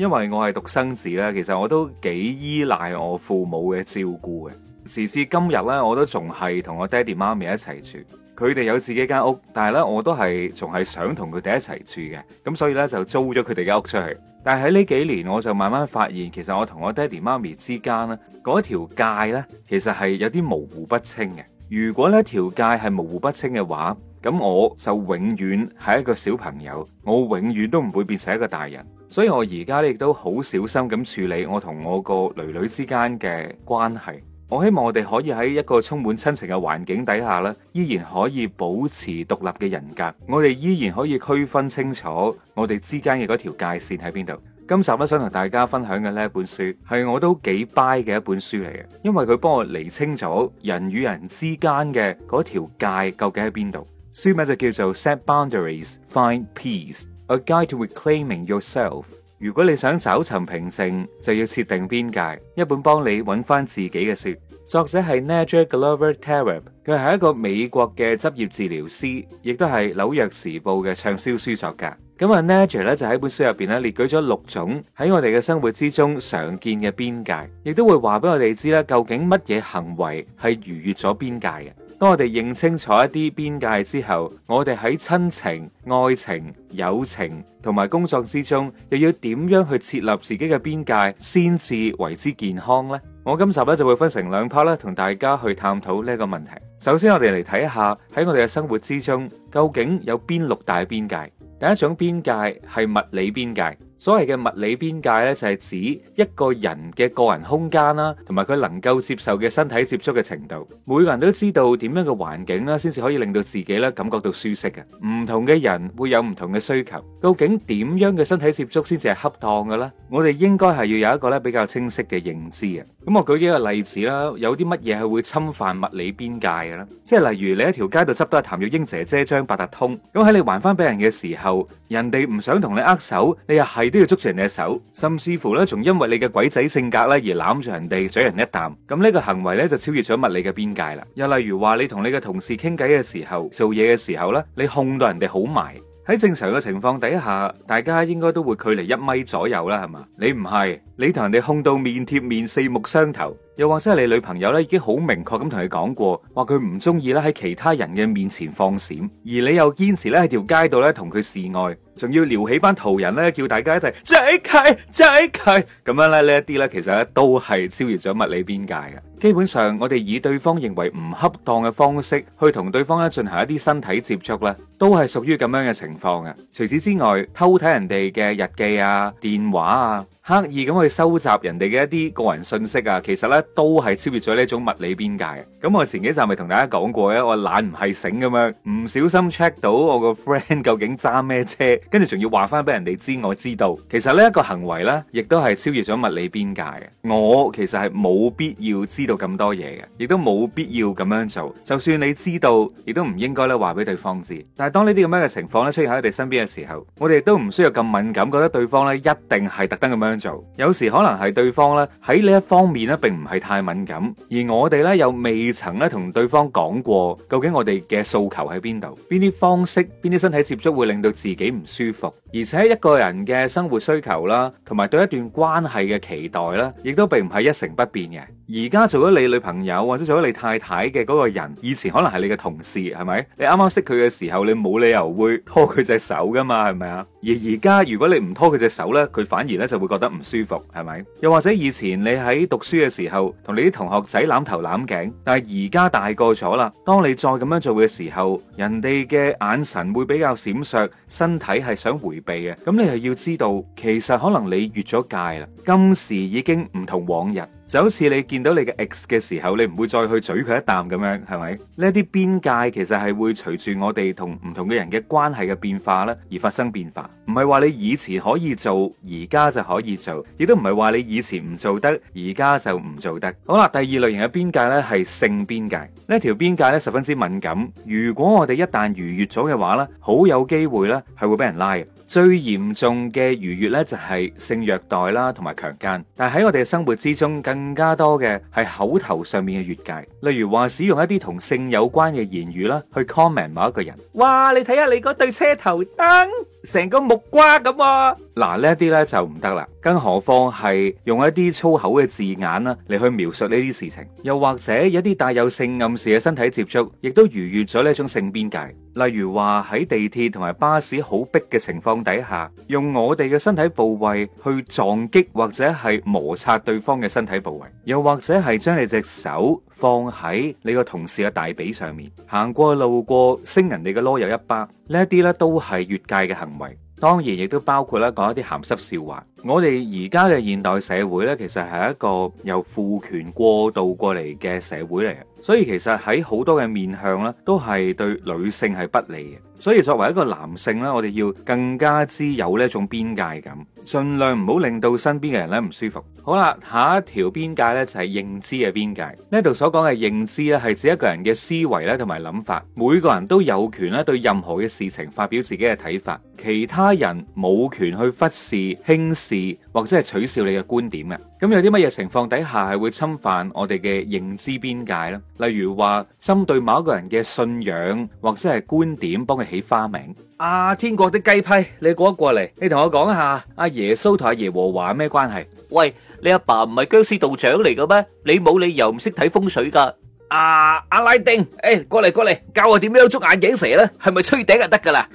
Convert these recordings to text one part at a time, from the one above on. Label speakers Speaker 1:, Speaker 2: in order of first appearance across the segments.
Speaker 1: 因為我係獨生子啦，其實我都幾依賴我父母嘅照顧嘅。時至今日咧，我都仲係同我爹哋媽咪一齊住，佢哋有自己間屋，但係咧我都係仲係想同佢哋一齊住嘅。咁所以咧就租咗佢哋嘅屋出去。但係喺呢幾年，我就慢慢發現，其實我同我爹哋媽咪之間咧嗰條界咧，其實係有啲模糊不清嘅。如果呢條界係模糊不清嘅話，咁我就永遠係一個小朋友，我永遠都唔會變成一個大人，所以我而家咧亦都好小心咁處理我同我個囡囡之間嘅關係。我希望我哋可以喺一個充滿親情嘅環境底下咧，依然可以保持獨立嘅人格，我哋依然可以區分清楚我哋之間嘅嗰條界綫喺邊度。今集咧想同大家分享嘅呢一本書，係我都幾 buy 嘅一本書嚟嘅，因為佢幫我釐清楚人與人之間嘅嗰條界究竟喺邊度。書名就叫做 Set Boundaries, Find Peace: A Guide to Reclaiming Yourself。如果你想找尋平靜，就要設定邊界。一本幫你揾翻自己嘅書，作者係 Nedra Glover Tawwab，佢係一個美國嘅執業治療師，亦都係紐約時報嘅暢銷書作家。咁啊，Nedra 咧就喺本書入邊咧列舉咗六種喺我哋嘅生活之中常見嘅邊界，亦都會話俾我哋知啦，究竟乜嘢行為係逾越咗邊界嘅。當我哋認清楚一啲邊界之後，我哋喺親情、愛情、友情同埋工作之中，又要點樣去設立自己嘅邊界，先至為之健康呢？我今集咧就會分成兩 part 啦，同大家去探討呢一個問題。首先我，我哋嚟睇下喺我哋嘅生活之中，究竟有邊六大邊界？第一種邊界係物理邊界。所謂嘅物理邊界咧，就係指一個人嘅個人空間啦，同埋佢能夠接受嘅身體接觸嘅程度。每個人都知道點樣嘅環境啦，先至可以令到自己咧感覺到舒適嘅。唔同嘅人會有唔同嘅需求。究竟點樣嘅身體接觸先至係恰當嘅咧？我哋應該係要有一個咧比較清晰嘅認知嘅。咁我舉幾個例子啦，有啲乜嘢係會侵犯物理邊界嘅咧？即係例如你喺條街度執到阿譚玉英姐姐張八達通，咁喺你還翻俾人嘅時候，人哋唔想同你握手，你又係，都要捉住人嘅手，甚至乎呢，仲因為你嘅鬼仔性格呢，而攬住人哋嘴人一啖。咁呢個行為呢，就超越咗物理嘅邊界啦。又例如話，你同你嘅同事傾偈嘅時候，做嘢嘅時候呢，你控到人哋好埋。喺正常嘅情況底下，大家應該都會距離一米左右啦，係嘛？你唔係，你同人哋控到面貼面，四目相投。又或者係你女朋友咧，已經好明確咁同你講過，話佢唔中意咧喺其他人嘅面前放閃，而你又堅持咧喺條街度咧同佢示愛，仲要撩起班途人咧叫大家一齊擠佢擠佢，咁樣咧呢一啲咧，其實咧都係超越咗物理邊界嘅。基本上，我哋以對方認為唔恰當嘅方式去同對方咧進行一啲身體接觸咧，都係屬於咁樣嘅情況嘅。除此之外，偷睇人哋嘅日記啊、電話啊。刻意咁去收集人哋嘅一啲個人信息啊，其實呢都係超越咗呢一種物理邊界嘅。咁、嗯、我前幾集咪同大家講過咧，我懶唔係醒咁樣，唔小心 check 到我個 friend 究竟揸咩車，跟住仲要話翻俾人哋知我知道。其實呢一個行為呢，亦都係超越咗物理邊界嘅。我其實係冇必要知道咁多嘢嘅，亦都冇必要咁樣做。就算你知道，亦都唔應該咧話俾對方知。但係當呢啲咁樣嘅情況咧出現喺我哋身邊嘅時候，我哋都唔需要咁敏感，覺得對方咧一定係特登咁樣。有時可能係對方咧喺呢一方面咧並唔係太敏感，而我哋咧又未曾咧同對方講過究竟我哋嘅訴求喺邊度，邊啲方式，邊啲身體接觸會令到自己唔舒服，而且一個人嘅生活需求啦，同埋對一段關係嘅期待啦，亦都並唔係一成不變嘅。而家做咗你女朋友或者做咗你太太嘅嗰個人，以前可能係你嘅同事，係咪？你啱啱識佢嘅時候，你冇理由會拖佢隻手噶嘛？係咪啊？而而家如果你唔拖佢隻手咧，佢反而咧就會覺得唔舒服，係咪？又或者以前你喺讀書嘅時候，同你啲同學仔攬頭攬頸，但係而家大個咗啦，當你再咁樣做嘅時候，人哋嘅眼神會比較閃爍，身體係想回避嘅。咁你就要知道，其實可能你越咗界啦。今時已經唔同往日。就好似你見到你嘅 X 嘅時候，你唔會再去嘴佢一啖咁樣，係咪？呢啲邊界其實係會隨住我哋同唔同嘅人嘅關係嘅變化咧而發生變化，唔係話你以前可以做，而家就可以做，亦都唔係話你以前唔做得，而家就唔做得。好啦，第二類型嘅邊界咧係性邊界，呢一條邊界咧十分之敏感，如果我哋一旦逾越咗嘅話咧，好有機會咧係會俾人拉嘅。最嚴重嘅逾越咧，就係性虐待啦，同埋強姦。但係喺我哋嘅生活之中，更加多嘅係口頭上面嘅越界，例如話使用一啲同性有關嘅言語啦，去 comment 某一個人。哇！你睇下你嗰對車頭燈。成個木瓜咁啊！嗱，呢啲呢就唔得啦，更何況係用一啲粗口嘅字眼啦嚟去描述呢啲事情，又或者一啲帶有性暗示嘅身體接觸，亦都逾越咗呢一種性邊界。例如話喺地鐵同埋巴士好逼嘅情況底下，用我哋嘅身體部位去撞擊或者係摩擦對方嘅身體部位，又或者係將你隻手放喺你個同事嘅大髀上面，行過路過，星人哋嘅囉柚一巴。呢一啲咧都係越界嘅行為，當然亦都包括咧講一啲鹹濕笑話。我哋而家嘅現代社會呢，其實係一個由父權過渡過嚟嘅社會嚟嘅，所以其實喺好多嘅面向呢，都係對女性係不利嘅。所以作為一個男性呢，我哋要更加之有呢一種邊界感，盡量唔好令到身邊嘅人呢唔舒服。好啦，下一條邊界呢，就係、是、認知嘅邊界。呢度所講嘅認知呢，係指一個人嘅思維咧同埋諗法。每個人都有權咧對任何嘅事情發表自己嘅睇法，其他人冇權去忽視、輕視、事或者係取笑你嘅觀點嘅。咁有啲乜嘢情況底下係會侵犯我哋嘅認知邊界咧？例如話針對某一個人嘅信仰或者係觀點，幫佢起花名。阿天國的雞批，你過一過嚟，你同我講一下阿耶穌同阿耶和華咩關係？喂，你阿爸唔係殭屍道長嚟嘅咩？你冇理由唔識睇風水噶。阿阿拉丁，誒，過嚟過嚟，教我點樣捉眼鏡蛇呢？係咪吹頂就得噶啦？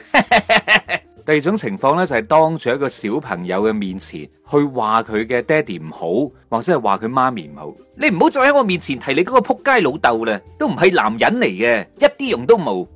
Speaker 1: 第二種情況咧，就係當住一個小朋友嘅面前去話佢嘅爹哋唔好，或者係話佢媽咪唔好。你唔好再喺我面前提你嗰個撲街老豆啦，都唔係男人嚟嘅，一啲用都冇。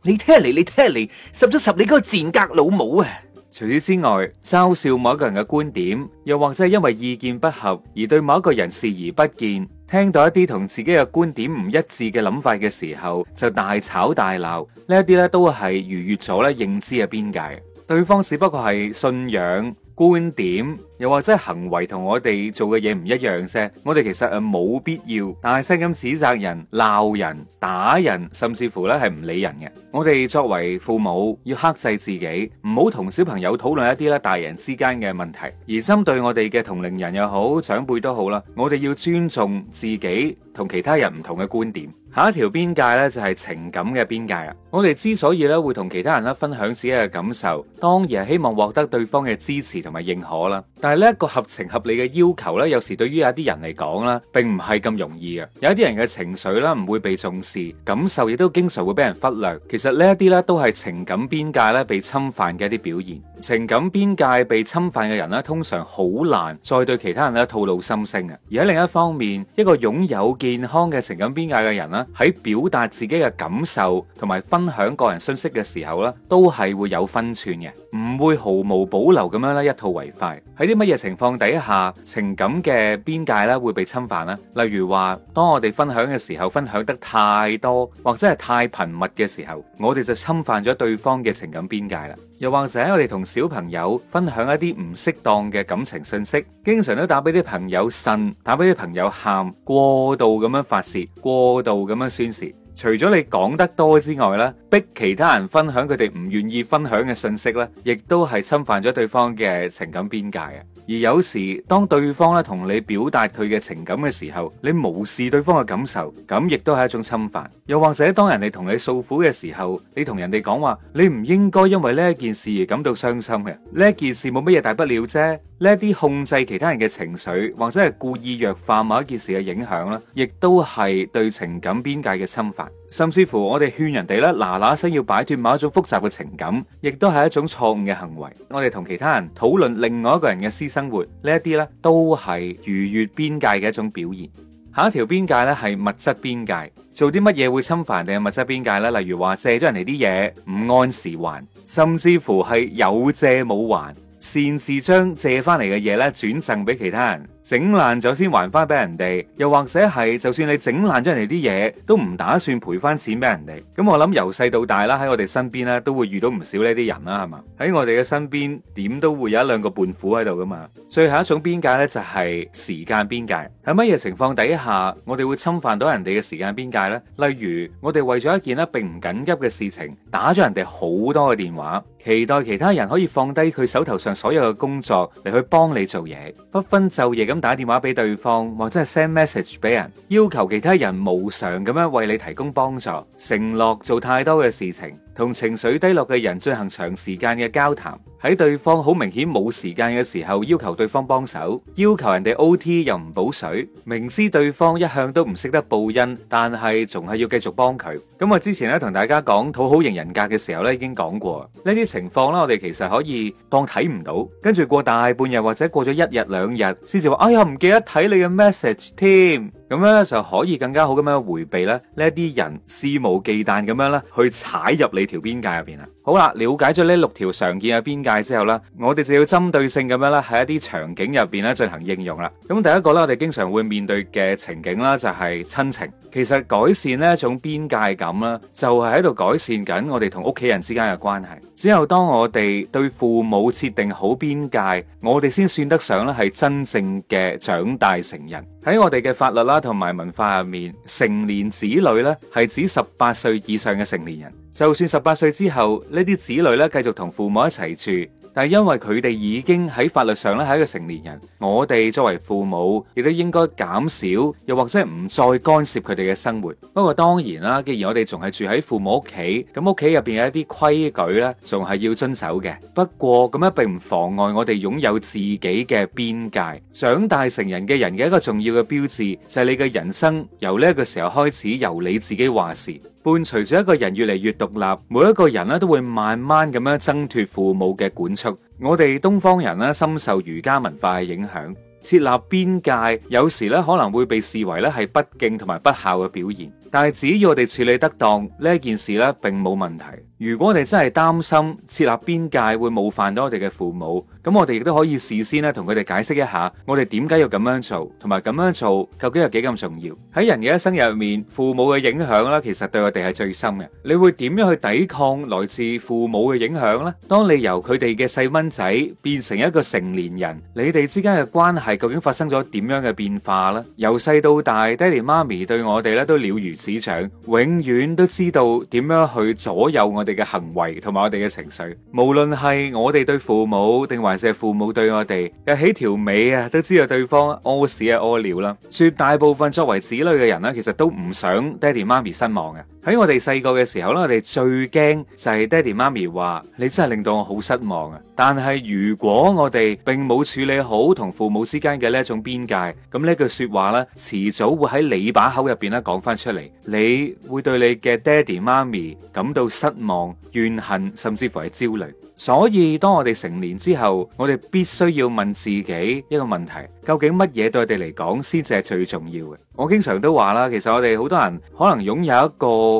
Speaker 1: 你聽嚟你聽嚟，十足十你嗰個賤格老母啊！除此之外，嘲笑某一個人嘅觀點，又或者係因為意見不合而對某一個人視而不見，聽到一啲同自己嘅觀點唔一致嘅諗法嘅時候，就大吵大鬧，呢一啲咧都係逾越咗咧認知嘅邊界。對方只不過係信仰、觀點。又或者行為同我哋做嘅嘢唔一樣啫，我哋其實係冇必要大聲咁指責人、鬧人、打人，甚至乎咧係唔理人嘅。我哋作為父母，要克制自己，唔好同小朋友討論一啲咧大人之間嘅問題，而針對我哋嘅同齡人又好、長輩都好啦，我哋要尊重自己同其他人唔同嘅觀點。下一條邊界呢就係情感嘅邊界啦。我哋之所以咧會同其他人咧分享自己嘅感受，當然係希望獲得對方嘅支持同埋認可啦，但係。係呢一個合情合理嘅要求咧，有時對於有一啲人嚟講咧，並唔係咁容易嘅。有一啲人嘅情緒啦，唔會被重視，感受亦都經常會俾人忽略。其實呢一啲咧，都係情感邊界咧被侵犯嘅一啲表現。情感邊界被侵犯嘅人咧，通常好難再對其他人咧吐露心聲嘅。而喺另一方面，一個擁有健康嘅情感邊界嘅人咧，喺表達自己嘅感受同埋分享個人信息嘅時候咧，都係會有分寸嘅。唔會毫無保留咁樣咧，一吐為快。喺啲乜嘢情況底下，情感嘅邊界咧會被侵犯咧？例如話，當我哋分享嘅時候，分享得太多或者係太頻密嘅時候，我哋就侵犯咗對方嘅情感邊界啦。又或者我哋同小朋友分享一啲唔適當嘅感情信息，經常都打俾啲朋友呻，打俾啲朋友喊，過度咁樣發泄，過度咁樣宣泄。除咗你講得多之外咧，逼其他人分享佢哋唔願意分享嘅信息咧，亦都係侵犯咗對方嘅情感邊界㗎。而有時，當對方咧同你表達佢嘅情感嘅時候，你無視對方嘅感受，咁亦都係一種侵犯。又或者，當人哋同你訴苦嘅時候，你同人哋講話，你唔應該因為呢一件事而感到傷心嘅，呢一件事冇乜嘢大不了啫。呢一啲控制其他人嘅情緒，或者係故意弱化某一件事嘅影響啦，亦都係對情感邊界嘅侵犯。甚至乎我哋勸人哋咧嗱嗱聲要擺脫某一種複雜嘅情感，亦都係一種錯誤嘅行為。我哋同其他人討論另外一個人嘅私生活，呢一啲咧都係逾越邊界嘅一種表現。下一條邊界咧係物質邊界，做啲乜嘢會侵犯人哋嘅物質邊界咧？例如話借咗人哋啲嘢唔按時還，甚至乎係有借冇還，擅自將借翻嚟嘅嘢咧轉贈俾其他人。整爛咗先還翻俾人哋，又或者係就算你整爛咗人哋啲嘢，都唔打算賠翻錢俾人哋。咁、嗯、我諗由細到大啦，喺我哋身邊啦，都會遇到唔少呢啲人啦，係嘛？喺我哋嘅身邊，點都會有一兩個伴虎喺度噶嘛。最後一種邊界呢，就係、是、時間邊界。喺乜嘢情況底下，我哋會侵犯到人哋嘅時間邊界呢？例如，我哋為咗一件呢並唔緊急嘅事情，打咗人哋好多嘅電話，期待其他人可以放低佢手頭上所有嘅工作嚟去幫你做嘢，不分晝夜。打電話俾對方，或者係 send message 俾人，要求其他人無償咁樣為你提供幫助，承諾做太多嘅事情。同情緒低落嘅人進行長時間嘅交談，喺對方好明顯冇時間嘅時候要求對方幫手，要求人哋 OT 又唔補水，明知對方一向都唔識得報恩，但係仲係要繼續幫佢。咁我之前咧同大家講討好型人格嘅時候咧已經講過呢啲情況啦，我哋其實可以當睇唔到，跟住過大半日或者過咗一日兩日先至話，哎呀唔記得睇你嘅 message 添。」咁咧就可以更加好咁樣回避咧呢一啲人肆無忌憚咁樣咧去踩入你條邊界入邊啦。好啦，了解咗呢六條常見嘅邊界之後咧，我哋就要針對性咁樣咧喺一啲場景入邊咧進行應用啦。咁第一個咧，我哋經常會面對嘅情景啦，就係親情。其實改善呢一種邊界感啦，就係喺度改善緊我哋同屋企人之間嘅關係。只有當我哋對父母設定好邊界，我哋先算得上咧係真正嘅長大成人。喺我哋嘅法律啦同埋文化入面，成年子女咧係指十八歲以上嘅成年人。就算十八歲之後，呢啲子女咧繼續同父母一齊住。但係因為佢哋已經喺法律上咧係一個成年人，我哋作為父母亦都應該減少，又或者唔再干涉佢哋嘅生活。不過當然啦，既然我哋仲係住喺父母屋企，咁屋企入邊嘅一啲規矩咧，仲係要遵守嘅。不過咁樣並唔妨礙我哋擁有自己嘅邊界。長大成人嘅人嘅一個重要嘅標誌就係你嘅人生由呢個時候開始由你自己話事。伴隨住一個人越嚟越獨立，每一個人咧都會慢慢咁樣掙脫父母嘅管束。我哋東方人咧深受儒家文化嘅影響，設立邊界，有時咧可能會被視為咧係不敬同埋不孝嘅表現。但係只要我哋處理得當，呢一件事咧並冇問題。如果我哋真係擔心設立邊界會冒犯到我哋嘅父母，咁我哋亦都可以事先咧同佢哋解釋一下，我哋點解要咁樣做，同埋咁樣做究竟有幾咁重要。喺人嘅一生入面，父母嘅影響咧，其實對我哋係最深嘅。你會點樣去抵抗來自父母嘅影響呢？當你由佢哋嘅細蚊仔變成一個成年人，你哋之間嘅關係究竟發生咗點樣嘅變化呢？由細到大，爹哋媽咪對我哋咧都了如。市長永遠都知道點樣去左右我哋嘅行為同埋我哋嘅情緒，無論係我哋對父母定還是父母對我哋，又起條尾啊，都知道對方屙屎啊屙尿啦。絕、啊啊啊啊啊、大部分作為子女嘅人咧，其實都唔想爹哋媽咪身亡嘅。喺我哋細個嘅時候咧，我哋最驚就係爹哋媽咪話你真係令到我好失望啊！但係如果我哋並冇處理好同父母之間嘅呢一種邊界，咁呢句說話咧，遲早會喺你把口入邊咧講翻出嚟，你會對你嘅爹哋媽咪感到失望、怨恨，甚至乎係焦慮。所以，當我哋成年之後，我哋必須要問自己一個問題：究竟乜嘢對我哋嚟講先至係最重要嘅？我經常都話啦，其實我哋好多人可能擁有一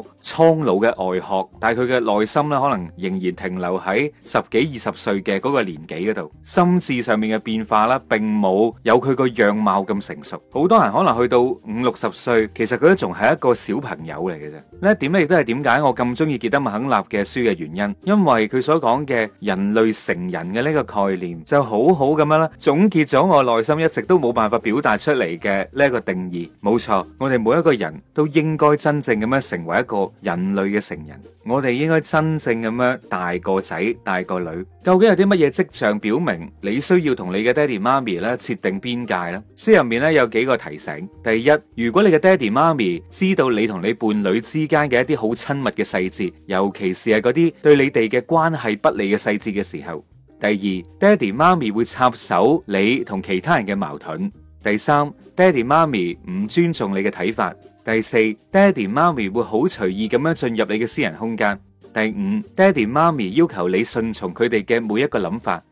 Speaker 1: 個。蒼老嘅外殼，但係佢嘅內心咧，可能仍然停留喺十幾二十歲嘅嗰個年紀嗰度。心智上面嘅變化咧，並冇有佢個樣貌咁成熟。好多人可能去到五六十歲，其實佢都仲係一個小朋友嚟嘅啫。呢一點咧，亦都係點解我咁中意傑德麥肯納嘅書嘅原因，因為佢所講嘅人類成人嘅呢個概念，就好好咁樣啦總結咗我內心一直都冇辦法表達出嚟嘅呢一個定義。冇錯，我哋每一個人都應該真正咁樣成為一個。人類嘅成人，我哋應該真正咁樣大個仔大個女。究竟有啲乜嘢迹象表明你需要同你嘅爹地媽咪咧設定邊界呢？書入面咧有幾個提醒：第一，如果你嘅爹地媽咪知道你同你伴侶之間嘅一啲好親密嘅細節，尤其是係嗰啲對你哋嘅關係不利嘅細節嘅時候；第二，爹地媽咪會插手你同其他人嘅矛盾；第三，爹地媽咪唔尊重你嘅睇法。第四，爹地媽咪會好隨意咁樣進入你嘅私人空間。第五，爹地媽咪要求你順從佢哋嘅每一個諗法。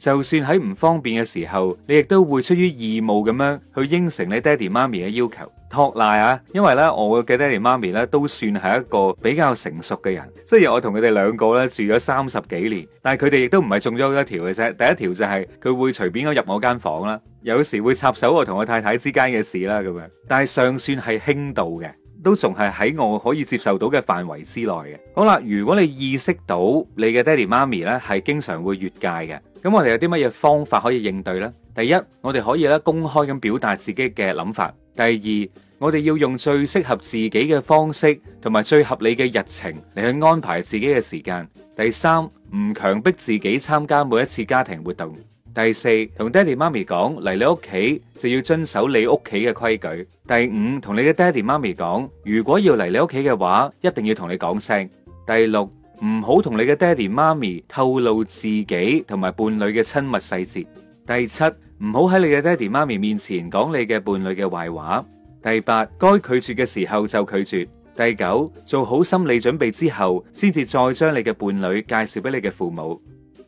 Speaker 1: 就算喺唔方便嘅時候，你亦都會出於義務咁樣去應承你爹地媽咪嘅要求。托賴啊！因為咧，我嘅爹地媽咪咧都算係一個比較成熟嘅人，雖然我同佢哋兩個咧住咗三十幾年，但係佢哋亦都唔係中咗一條嘅啫。第一條就係、是、佢會隨便咁入我間房啦，有時會插手我同我太太之間嘅事啦咁樣，但係尚算係輕度嘅。都仲係喺我可以接受到嘅範圍之內嘅。好啦，如果你意識到你嘅爹哋媽咪呢係經常會越界嘅，咁我哋有啲乜嘢方法可以應對呢？第一，我哋可以咧公開咁表達自己嘅諗法；第二，我哋要用最適合自己嘅方式同埋最合理嘅日程嚟去安排自己嘅時間；第三，唔強迫自己參加每一次家庭活動。第四，同爹哋媽咪講，嚟，你屋企就要遵守你屋企嘅規矩。第五，同你嘅爹哋媽咪講，如果要嚟你屋企嘅話，一定要同你講聲。第六，唔好同你嘅爹哋媽咪透露自己同埋伴侶嘅親密細節。第七，唔好喺你嘅爹哋媽咪面前講你嘅伴侶嘅壞話。第八，該拒絕嘅時候就拒絕。第九，做好心理準備之後，先至再將你嘅伴侶介紹俾你嘅父母。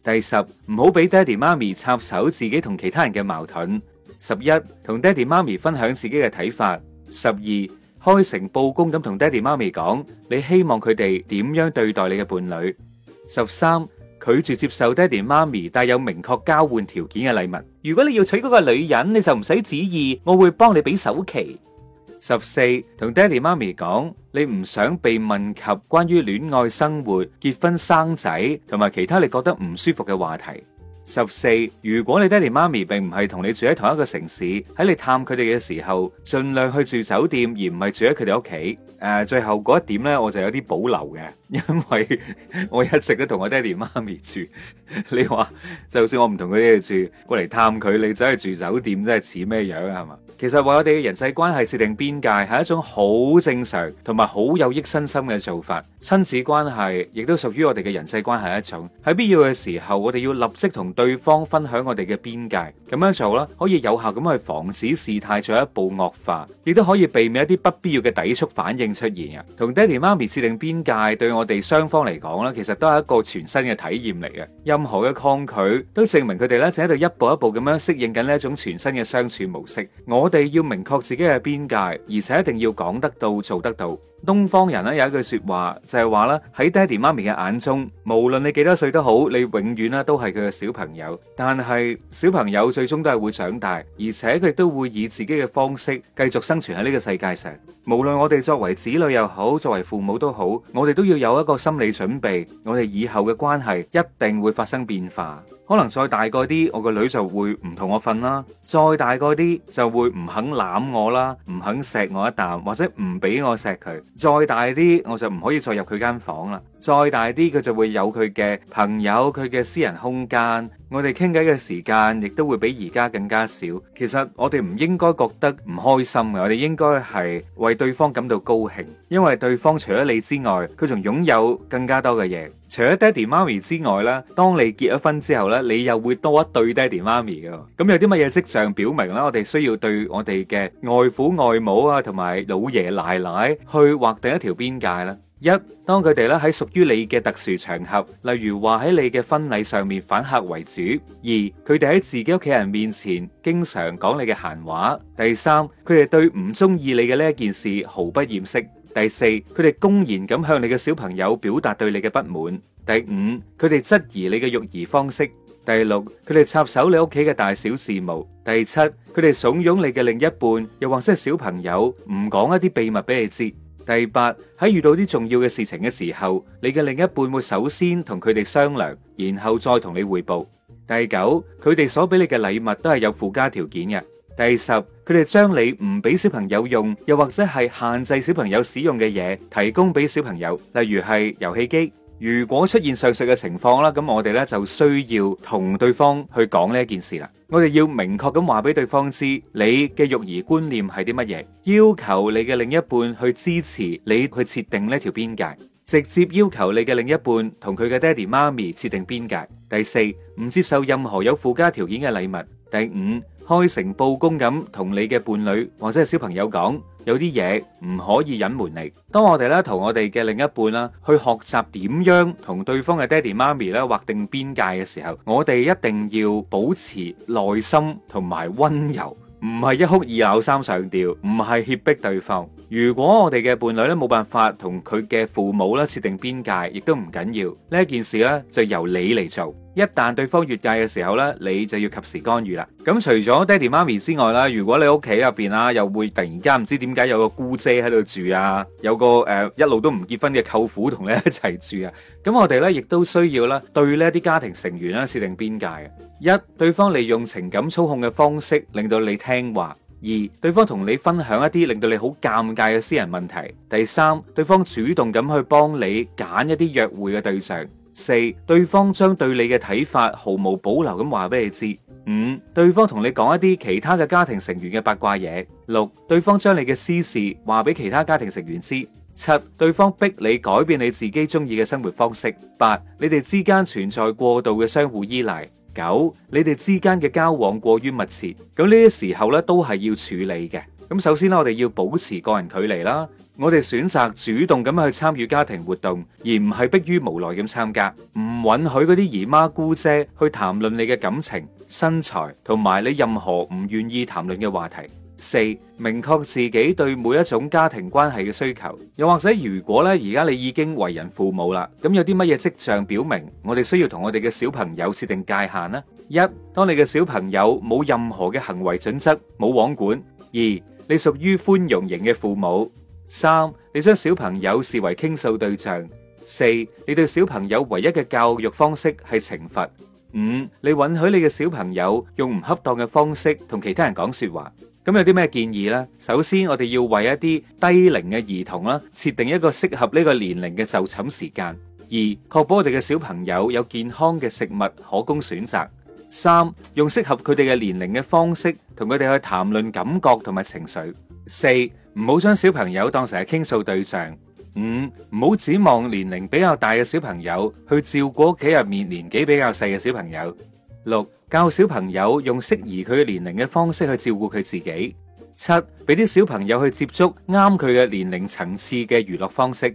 Speaker 1: 第十，唔好俾爹地媽咪插手自己同其他人嘅矛盾。十一，同爹地媽咪分享自己嘅睇法。十二，開誠布公咁同爹地媽咪講，你希望佢哋點樣對待你嘅伴侶。十三，拒絕接受爹地媽咪帶有明確交換條件嘅禮物。如果你要娶嗰個女人，你就唔使旨意，我會幫你俾首期。十四，同爹地媽咪講，你唔想被問及關於戀愛生活、結婚生仔同埋其他你覺得唔舒服嘅話題。十四，如果你爹地媽咪並唔係同你住喺同一個城市，喺你探佢哋嘅時候，盡量去住酒店而唔係住喺佢哋屋企。誒、呃，最後嗰一點呢，我就有啲保留嘅，因為我一直都同我爹地媽咪住。你話就算我唔同佢哋住，過嚟探佢，你走去住酒店真，真係似咩樣啊？係嘛？其實為我哋嘅人際關係設定邊界係一種好正常同埋好有益身心嘅做法。親子關係亦都屬於我哋嘅人際關係一種。喺必要嘅時候，我哋要立即同對方分享我哋嘅邊界。咁樣做啦，可以有效咁去防止事態進一步惡化，亦都可以避免一啲不必要嘅抵觸反應出現啊。同爹哋媽咪設定邊界，對我哋雙方嚟講咧，其實都係一個全新嘅體驗嚟嘅。任何嘅抗拒都證明佢哋咧就喺度一步一步咁樣適應緊呢一種全新嘅相處模式。我。我哋要明確自己嘅邊界，而且一定要講得到、做得到。東方人咧有一句話，就是，說話就係話咧，喺爹地媽咪嘅眼中，無論你幾多歲都好，你永遠咧都係佢嘅小朋友。但係小朋友最終都係會長大，而且佢都會以自己嘅方式繼續生存喺呢個世界上。無論我哋作為子女又好，作為父母都好，我哋都要有一個心理準備，我哋以後嘅關係一定會發生變化。可能再大個啲，我個女就會唔同我瞓啦；再大個啲，就會唔肯攬我啦，唔肯錫我一啖，或者唔俾我錫佢。再大啲，我就唔可以再入佢間房啦。再大啲，佢就會有佢嘅朋友，佢嘅私人空間，我哋傾偈嘅時間亦都會比而家更加少。其實我哋唔應該覺得唔開心嘅，我哋應該係為對方感到高興，因為對方除咗你之外，佢仲擁有更加多嘅嘢。除咗爹哋媽咪之外咧，當你結咗婚之後咧，你又會多一對爹哋媽咪嘅。咁有啲乜嘢跡象表明咧，我哋需要對我哋嘅外父外母啊，同埋老爺奶奶去劃定一條邊界啦。一，當佢哋咧喺屬於你嘅特殊場合，例如話喺你嘅婚禮上面反客為主；二，佢哋喺自己屋企人面前經常講你嘅閒話；第三，佢哋對唔中意你嘅呢一件事毫不掩飾。第四，佢哋公然咁向你嘅小朋友表達對你嘅不滿。第五，佢哋質疑你嘅育兒方式。第六，佢哋插手你屋企嘅大小事務。第七，佢哋慫恿你嘅另一半，又或者係小朋友，唔講一啲秘密俾你知。第八，喺遇到啲重要嘅事情嘅時候，你嘅另一半會首先同佢哋商量，然後再同你匯報。第九，佢哋所俾你嘅禮物都係有附加條件嘅。第十，佢哋將你唔俾小朋友用，又或者係限制小朋友使用嘅嘢，提供俾小朋友，例如係遊戲機。如果出現上述嘅情況啦，咁我哋咧就需要同對方去講呢件事啦。我哋要明確咁話俾對方知，你嘅育兒觀念係啲乜嘢，要求你嘅另一半去支持你去設定呢條邊界，直接要求你嘅另一半同佢嘅爹哋媽咪設定邊界。第四，唔接受任何有附加條件嘅禮物。第五。開誠佈公咁同你嘅伴侶或者係小朋友講，有啲嘢唔可以隱瞞你。當我哋咧同我哋嘅另一半啦去學習點樣同對方嘅爹地媽咪咧劃定邊界嘅時候，我哋一定要保持耐心同埋溫柔，唔係一哭二鬧三上吊，唔係脅迫對方。如果我哋嘅伴侶咧冇辦法同佢嘅父母咧設定邊界，亦都唔緊要。呢一件事咧就由你嚟做。一旦對方越界嘅時候咧，你就要及時干預啦。咁除咗爹哋媽咪之外啦，如果你屋企入邊啊，又會突然間唔知點解有個姑姐喺度住啊，有個誒、呃、一路都唔結婚嘅舅父同你一齊住啊，咁我哋咧亦都需要啦對呢啲家庭成員啦設定邊界。一，對方利用情感操控嘅方式令到你聽話。二、對方同你分享一啲令到你好尷尬嘅私人問題；第三、對方主動咁去幫你揀一啲約會嘅對象；四、對方將對你嘅睇法毫無保留咁話俾你知；五、對方同你講一啲其他嘅家庭成員嘅八卦嘢；六、對方將你嘅私事話俾其他家庭成員知；七、對方逼你改變你自己中意嘅生活方式；八、你哋之間存在過度嘅相互依賴。九，你哋之間嘅交往過於密切，咁呢啲時候咧都係要處理嘅。咁首先咧，我哋要保持個人距離啦。我哋選擇主動咁去參與家庭活動，而唔係迫於無奈咁參加。唔允許嗰啲姨媽姑姐去談論你嘅感情、身材，同埋你任何唔願意談論嘅話題。四、明確自己對每一種家庭關係嘅需求。又或者，如果咧而家你已經為人父母啦，咁有啲乜嘢跡象表明我哋需要同我哋嘅小朋友設定界限呢？一、當你嘅小朋友冇任何嘅行為準則，冇王管；二、你屬於寬容型嘅父母；三、你將小朋友視為傾訴對象；四、你對小朋友唯一嘅教育方式係懲罰；五、你允許你嘅小朋友用唔恰當嘅方式同其他人講說話。咁有啲咩建議呢？首先，我哋要為一啲低齡嘅兒童啦，設定一個適合呢個年齡嘅就寢時間；二，確保我哋嘅小朋友有健康嘅食物可供選擇；三，用適合佢哋嘅年齡嘅方式同佢哋去談論感覺同埋情緒；四，唔好將小朋友當成係傾訴對象；五，唔好指望年齡比較大嘅小朋友去照顧屋企入面年紀比較細嘅小朋友；六。教小朋友用適宜佢嘅年齡嘅方式去照顧佢自己。七，俾啲小朋友去接觸啱佢嘅年齡層次嘅娛樂方式。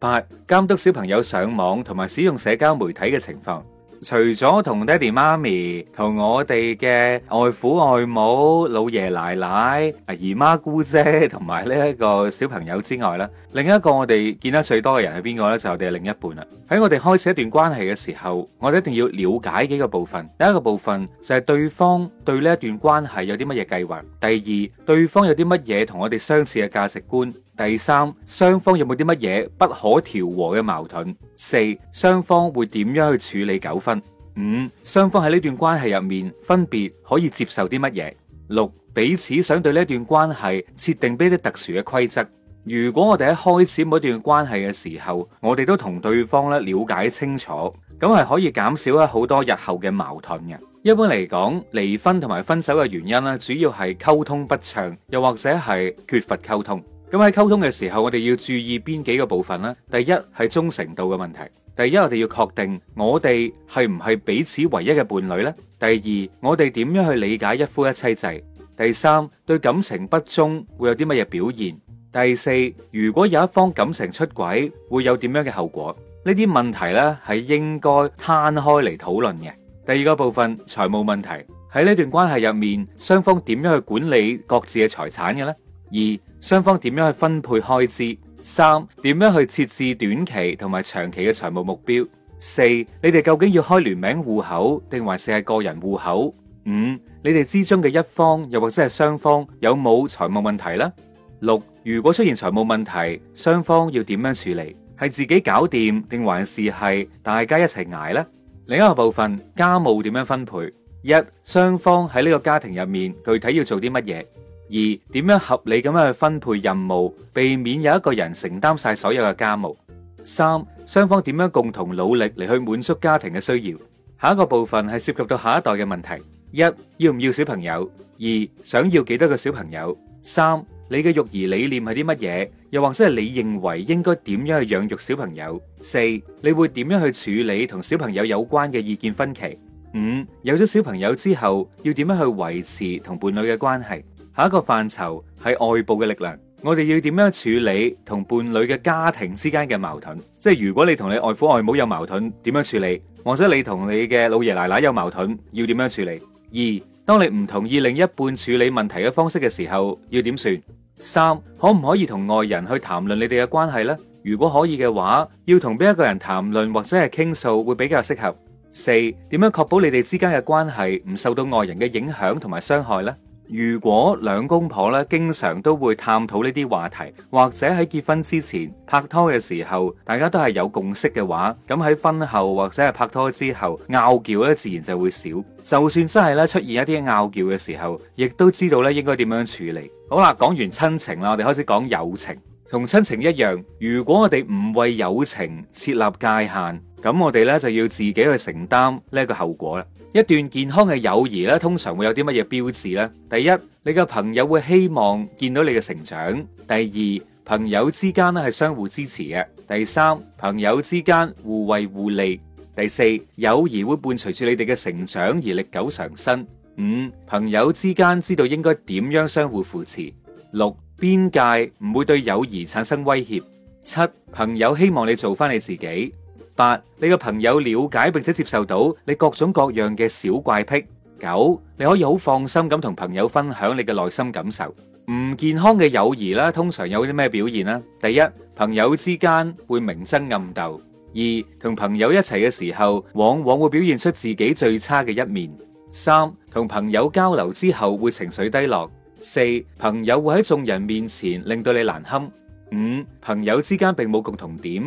Speaker 1: 八，監督小朋友上網同埋使用社交媒體嘅情況。除咗同爹哋媽咪、同我哋嘅外父外母、老爺奶奶、姨媽姑姐同埋呢一個小朋友之外咧，另一個我哋見得最多嘅人係邊個呢？就係我哋嘅另一半啦。喺我哋開始一段關係嘅時候，我哋一定要了解幾個部分。第一個部分就係對方對呢一段關係有啲乜嘢計劃；第二，對方有啲乜嘢同我哋相似嘅價值觀。第三，雙方有冇啲乜嘢不可調和嘅矛盾？四，雙方會點樣去處理糾紛？五，雙方喺呢段關係入面分別可以接受啲乜嘢？六，彼此想對呢段關係設定俾啲特殊嘅規則。如果我哋喺開始每一段關係嘅時候，我哋都同對方咧了解清楚，咁係可以減少喺好多日後嘅矛盾嘅。一般嚟講，離婚同埋分手嘅原因咧，主要係溝通不暢，又或者係缺乏溝通。咁喺溝通嘅時候，我哋要注意邊幾個部分呢？第一係忠誠度嘅問題。第一，我哋要確定我哋係唔係彼此唯一嘅伴侶呢？第二，我哋點樣去理解一夫一妻制？第三，對感情不忠會有啲乜嘢表現？第四，如果有一方感情出軌，會有點樣嘅後果？呢啲問題咧係應該攤開嚟討論嘅。第二個部分，財務問題。喺呢段關係入面，雙方點樣去管理各自嘅財產嘅呢？二雙方點樣去分配開支？三，點樣去設置短期同埋長期嘅財務目標？四，你哋究竟要開聯名戶口定還是係個人戶口？五，你哋之中嘅一方又或者係雙方有冇財務問題呢？六，如果出現財務問題，雙方要點樣處理？係自己搞掂定還是係大家一齊挨呢？另一個部分，家務點樣分配？一，雙方喺呢個家庭入面具體要做啲乜嘢？二點樣合理咁樣去分配任務，避免有一個人承擔晒所有嘅家務。三雙方點樣共同努力嚟去滿足家庭嘅需要。下一個部分係涉及到下一代嘅問題：一要唔要小朋友；二想要幾多個小朋友；三你嘅育兒理念係啲乜嘢？又或者係你認為應該點樣去養育小朋友？四你會點樣去處理同小朋友有關嘅意見分歧？五有咗小朋友之後，要點樣去維持同伴侶嘅關係？下一個範疇係外部嘅力量，我哋要點樣處理同伴侶嘅家庭之間嘅矛盾？即係如果你同你外父外母有矛盾，點樣處理？或者你同你嘅老爺奶奶有矛盾，要點樣處理？二，當你唔同意另一半處理問題嘅方式嘅時候，要點算？三，可唔可以同外人去談論你哋嘅關係呢？如果可以嘅話，要同邊一個人談論或者係傾訴會比較適合？四，點樣確保你哋之間嘅關係唔受到外人嘅影響同埋傷害呢？如果兩公婆咧，經常都會探討呢啲話題，或者喺結婚之前拍拖嘅時候，大家都係有共識嘅話，咁喺婚後或者係拍拖之後拗撬咧，自然就會少。就算真係咧，出現一啲拗撬嘅時候，亦都知道咧，應該點樣處理。好啦，講完親情啦，我哋開始講友情。同親情一樣，如果我哋唔為友情設立界限。咁我哋咧就要自己去承擔呢一個後果啦。一段健康嘅友誼咧，通常會有啲乜嘢標誌呢？第一，你嘅朋友會希望見到你嘅成長；第二，朋友之間咧係相互支持嘅；第三，朋友之間互惠互利；第四，友誼會伴隨住你哋嘅成長而歷久常新；五，朋友之間知道應該點樣相互扶持；六，邊界唔會對友誼產生威脅；七，朋友希望你做翻你自己。八，你嘅朋友了解並且接受到你各種各樣嘅小怪癖。九，你可以好放心咁同朋友分享你嘅內心感受。唔健康嘅友誼啦，通常有啲咩表現呢？第一，朋友之間會明爭暗鬥；二，同朋友一齊嘅時候，往往會表現出自己最差嘅一面；三，同朋友交流之後會情緒低落；四，朋友會喺眾人面前令到你難堪；五，朋友之間並冇共同點；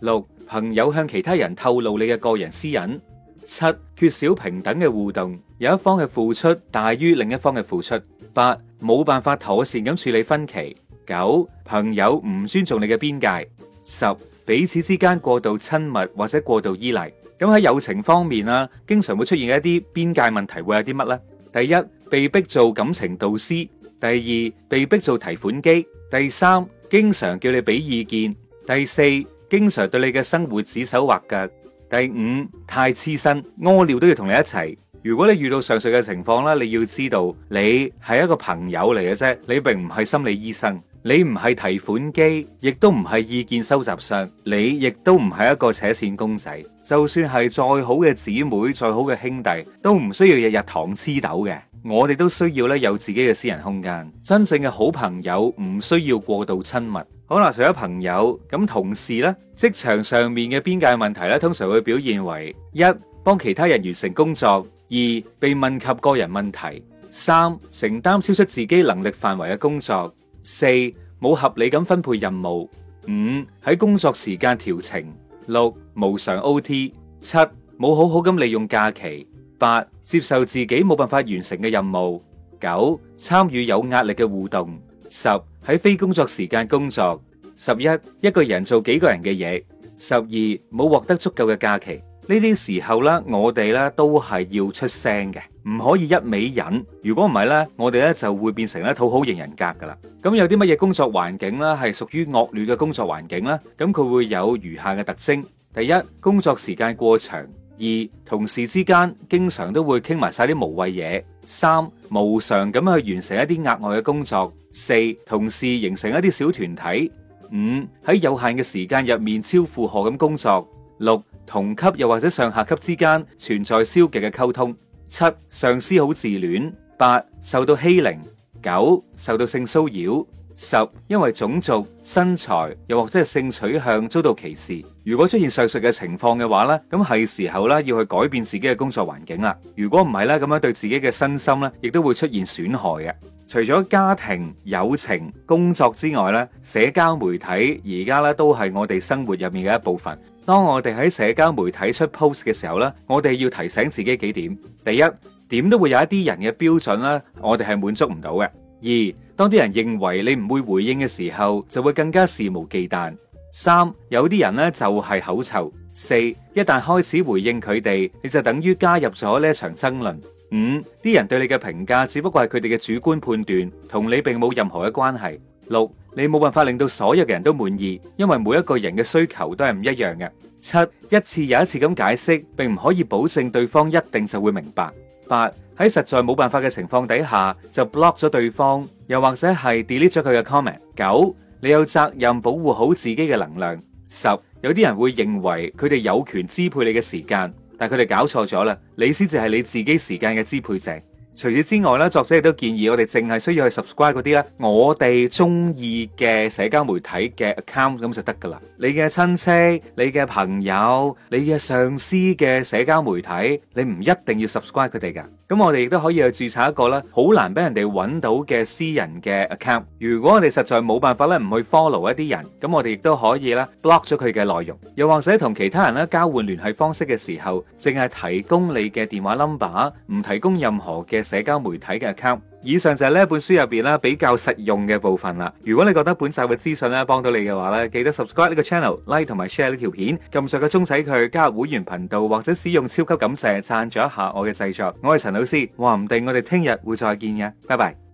Speaker 1: 六。朋友向其他人透露你嘅個人私隱；七缺少平等嘅互動，有一方嘅付出大於另一方嘅付出；八冇辦法妥善咁處理分歧；九朋友唔尊重你嘅邊界；十彼此之間過度親密或者過度依賴。咁喺友情方面啦，經常會出現一啲邊界問題，會有啲乜呢？第一，被逼做感情導師；第二，被逼做提款機；第三，經常叫你俾意見；第四。經常對你嘅生活指手畫腳。第五，太黐身屙尿都要同你一齊。如果你遇到上述嘅情況咧，你要知道，你係一個朋友嚟嘅啫，你並唔係心理醫生，你唔係提款機，亦都唔係意見收集箱，你亦都唔係一個扯線公仔。就算係再好嘅姊妹，再好嘅兄弟，都唔需要日日糖黐豆嘅。我哋都需要咧有自己嘅私人空間。真正嘅好朋友唔需要過度親密。好啦，除咗朋友，咁同事咧，職場上面嘅邊界問題咧，通常會表現為：一、幫其他人完成工作；二、被問及個人問題；三、承擔超出自己能力範圍嘅工作；四、冇合理咁分配任務；五、喺工作時間調情；六、無償 O.T.；七、冇好好咁利用假期；八、接受自己冇辦法完成嘅任務；九、參與有壓力嘅互動；十、喺非工作時間工作，十一一個人做幾個人嘅嘢，十二，冇獲得足夠嘅假期，呢啲時候啦，我哋咧都係要出聲嘅，唔可以一味忍。如果唔係咧，我哋咧就會變成一討好型人格噶啦。咁有啲乜嘢工作環境咧係屬於惡劣嘅工作環境咧？咁佢會有餘下嘅特徵：第一，工作時間過長；二，同事之間經常都會傾埋晒啲無謂嘢。三，無償咁去完成一啲額外嘅工作；四，同事形成一啲小團體；五，喺有限嘅時間入面超負荷咁工作；六，同級又或者上下級之間存在消極嘅溝通；七，上司好自戀；八，受到欺凌；九，受到性騷擾。十，因為種族、身材又或者係性取向遭到歧視。如果出現上述嘅情況嘅話咧，咁係時候啦，要去改變自己嘅工作環境啦。如果唔係咧，咁樣對自己嘅身心咧，亦都會出現損害嘅。除咗家庭、友情、工作之外咧，社交媒體而家咧都係我哋生活入面嘅一部分。當我哋喺社交媒體出 post 嘅時候咧，我哋要提醒自己幾點：第一，點都會有一啲人嘅標準啦，我哋係滿足唔到嘅；二。當啲人認為你唔會回應嘅時候，就會更加肆無忌憚。三，有啲人呢，就係口臭。四一旦開始回應佢哋，你就等於加入咗呢一場爭論。五，啲人對你嘅評價只不過係佢哋嘅主觀判斷，同你並冇任何嘅關係。六，你冇辦法令到所有嘅人都滿意，因為每一個人嘅需求都係唔一樣嘅。七一次又一次咁解釋，並唔可以保證對方一定就會明白。八喺實在冇辦法嘅情況底下，就 block 咗對方，又或者係 delete 咗佢嘅 comment。九，你有責任保護好自己嘅能量。十，有啲人會認為佢哋有權支配你嘅時間，但佢哋搞錯咗啦，你先至係你自己時間嘅支配者。除此之外咧，作者亦都建議我哋淨係需要去 subscribe 嗰啲咧，我哋中意嘅社交媒體嘅 account 咁就得㗎啦。你嘅親戚、你嘅朋友、你嘅上司嘅社交媒體，你唔一定要 subscribe 佢哋㗎。咁我哋亦都可以去註冊一個咧，好難俾人哋揾到嘅私人嘅 account。如果我哋實在冇辦法咧，唔去 follow 一啲人，咁我哋亦都可以咧，block 咗佢嘅內容，又或者同其他人咧交換聯繫方式嘅時候，淨係提供你嘅電話 number，唔提供任何嘅社交媒體嘅 account。以上就係呢一本書入邊啦比較實用嘅部分啦。如果你覺得本集嘅資訊咧幫到你嘅話咧，記得 subscribe 呢個 channel、like 同埋 share 呢條片。撳上個鐘仔去加入會員頻道，或者使用超級感謝贊助一下我嘅製作。我係陳老 C，話唔定我哋聽日會再見嘅，拜拜。